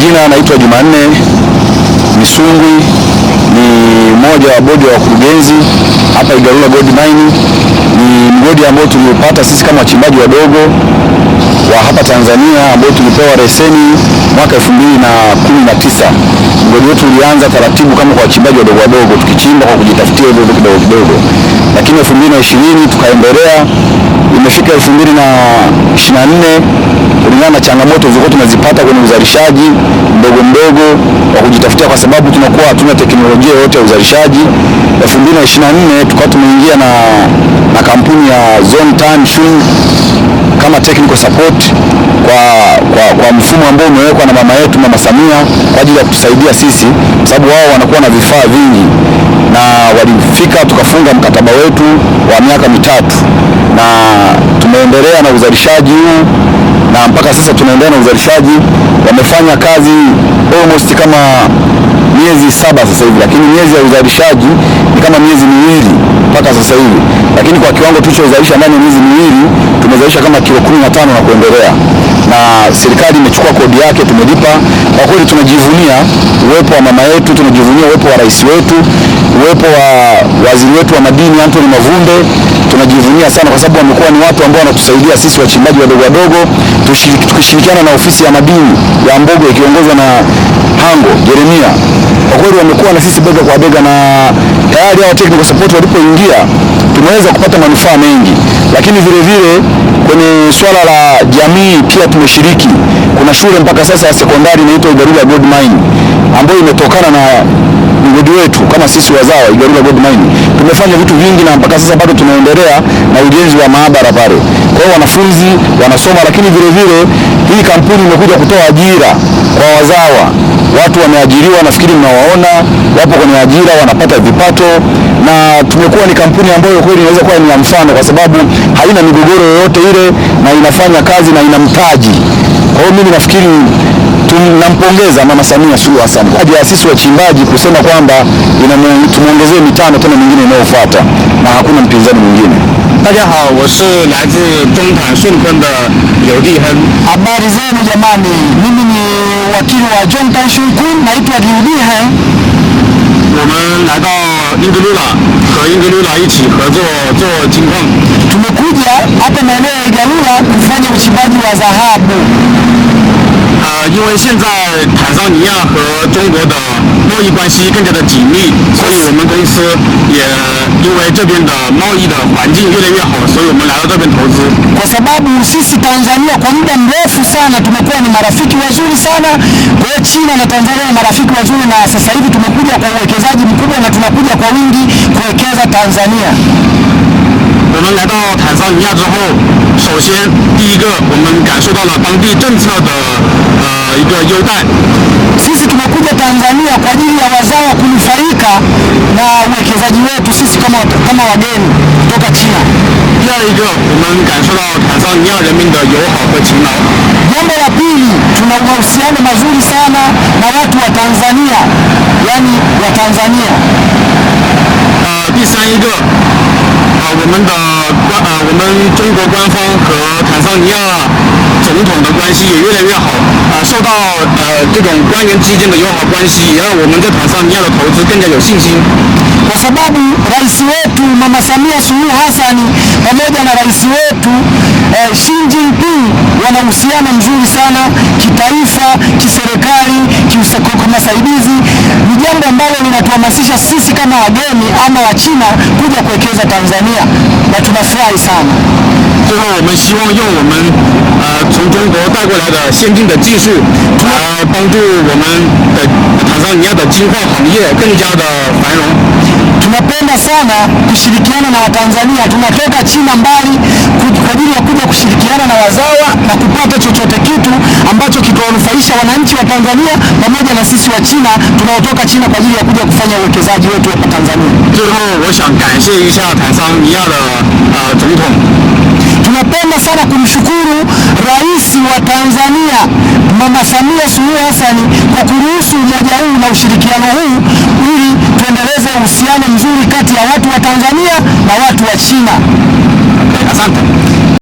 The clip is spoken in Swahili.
majina anaitwa Jumanne Misungwi, ni mmoja wa bodi wa wakurugenzi hapa Igalula Gold Mine. Ni mgodi ambao tuliupata sisi kama wachimbaji wadogo wa hapa Tanzania ambao tulipewa leseni mwaka 2019. Mgodi wetu ulianza taratibu kama kwa wachimbaji wadogo wadogo, tukichimba kwa kujitafutia hivyo kidogo kidogo, lakini 2020 tukaendelea na 2024 kulingana na changamoto zilizokuwa tunazipata kwenye uzalishaji mdogo mdogo wa kujitafutia, kwa sababu tunakuwa hatuna teknolojia yote ya uzalishaji. 2024 tukawa tumeingia na, na kampuni ya Zone Tan Shun kama technical support kwa, kwa, kwa mfumo ambao umewekwa na mama yetu Mama Samia kwa ajili ya kutusaidia sisi, sababu wao wanakuwa na vifaa vingi na walifika tukafunga mkataba wetu wa miaka mitatu na tumeendelea na uzalishaji huu na mpaka sasa tunaendelea na uzalishaji. Wamefanya kazi almost kama miezi saba sasa hivi, lakini miezi ya uzalishaji ni kama miezi miwili mpaka sasa hivi, lakini kwa kiwango tulichozalisha ndani ya miezi miwili tumezalisha kama kilo kumi na tano na kuendelea, na serikali imechukua kodi yake tumelipa. Kwa kweli tunajivunia uwepo wa mama yetu, tunajivunia uwepo wa rais wetu, uwepo wa waziri wetu wa madini Anthony Mavunde tunajivunia sana kwa sababu wamekuwa ni watu ambao wanatusaidia sisi wachimbaji wadogo wadogo, tukishirikiana na ofisi ya madini ya Mbogo ikiongozwa na Hango Jeremia. Kwa kweli wamekuwa na sisi bega kwa bega, na tayari hao technical support walipoingia tumeweza kupata manufaa mengi, lakini vile vile kwenye swala la jamii pia tumeshiriki. Kuna shule mpaka sasa ya sekondari inaitwa Igalula Gold Mine ambayo imetokana na mgodi wetu kama sisi wazawa Igarula Gold Mine tumefanya vitu vingi na mpaka sasa bado tunaendelea na ujenzi wa maabara pale. Kwa hiyo wanafunzi wanasoma, lakini vile vile hii kampuni imekuja kutoa ajira kwa wazawa. Watu wameajiriwa, nafikiri mnawaona, wapo kwenye ajira, wanapata vipato, na tumekuwa ni kampuni ambayo kweli inaweza kuwa ni ya mfano, kwa sababu haina migogoro yoyote ile na inafanya kazi na ina mtaji. Kwa hiyo mimi nafikiri tunampongeza Mama Samia Suluhu Hassan hadi ya sisi wachimbaji kusema kwamba tumuongezee mitano tena mingine inayofuata na hakuna mpinzani mwingine. Habari zenu jamani, mimi ni wakili wa Zhongtan Shunkun, naitwa Liu Tumekuja hapa maeneo ya Igalula kufanya uchimbaji wa dhahabu. 呃，因为现在坦桑尼亚和中国的贸易关系更加的紧密，所以我们公司也因为这边的贸易的环境越来越好，所以我们来到这边投资。Kwa sababu sisi Tanzania kwa muda mrefu sana tumekuwa ni marafiki wazuri sana, kwa hiyo China na Tanzania ni marafiki wazuri, na sasa hivi tumekuja kwa uwekezaji mkubwa na tunakuja kwa wingi kuwekeza Tanzania. 我们来到坦桑尼亚之后，首先第一个我们感受到了当地政策的呃一个优待。Sisi tumekuja Tanzania kwa ajili ya wazawa kunufaika na uwekezaji wetu sisi kama kama wageni kutoka China. Pia Tanzania Jambo la pili, tuna mahusiano mazuri sana na watu wa Tanzania, yani wa Tanzania. Uh, 呃，第三一个。我们的官呃，我们中国官方和坦桑尼亚总统的关系也越来越好，啊，受到呃这种官员之间的友好关系，也让我们在坦桑尼亚的投资更加有信心。jambo ambalo linatuhamasisha sisi kama wageni ama Wachina kuja kuwekeza Tanzania na tunafurahi sana. tunapenda sana kushirikiana na Watanzania, tunatoka China mbali kwa ajili ya kuja kushirikiana na wazawa na kupata chochote kitu ambacho kitawanufaisha wananchi wa Tanzania pamoja na sisi wa China tunaotoka China kwa ajili ya kuja kufanya uwekezaji wetu hapa Tanzania. Tunapenda sana kumshukuru Rais wa Tanzania Mama Samia Suluhu Hassan kwa kuruhusu umoja huu na ushirikiano huu ili tuendeleze uhusiano mzuri kati ya watu wa Tanzania na watu wa China. Asante.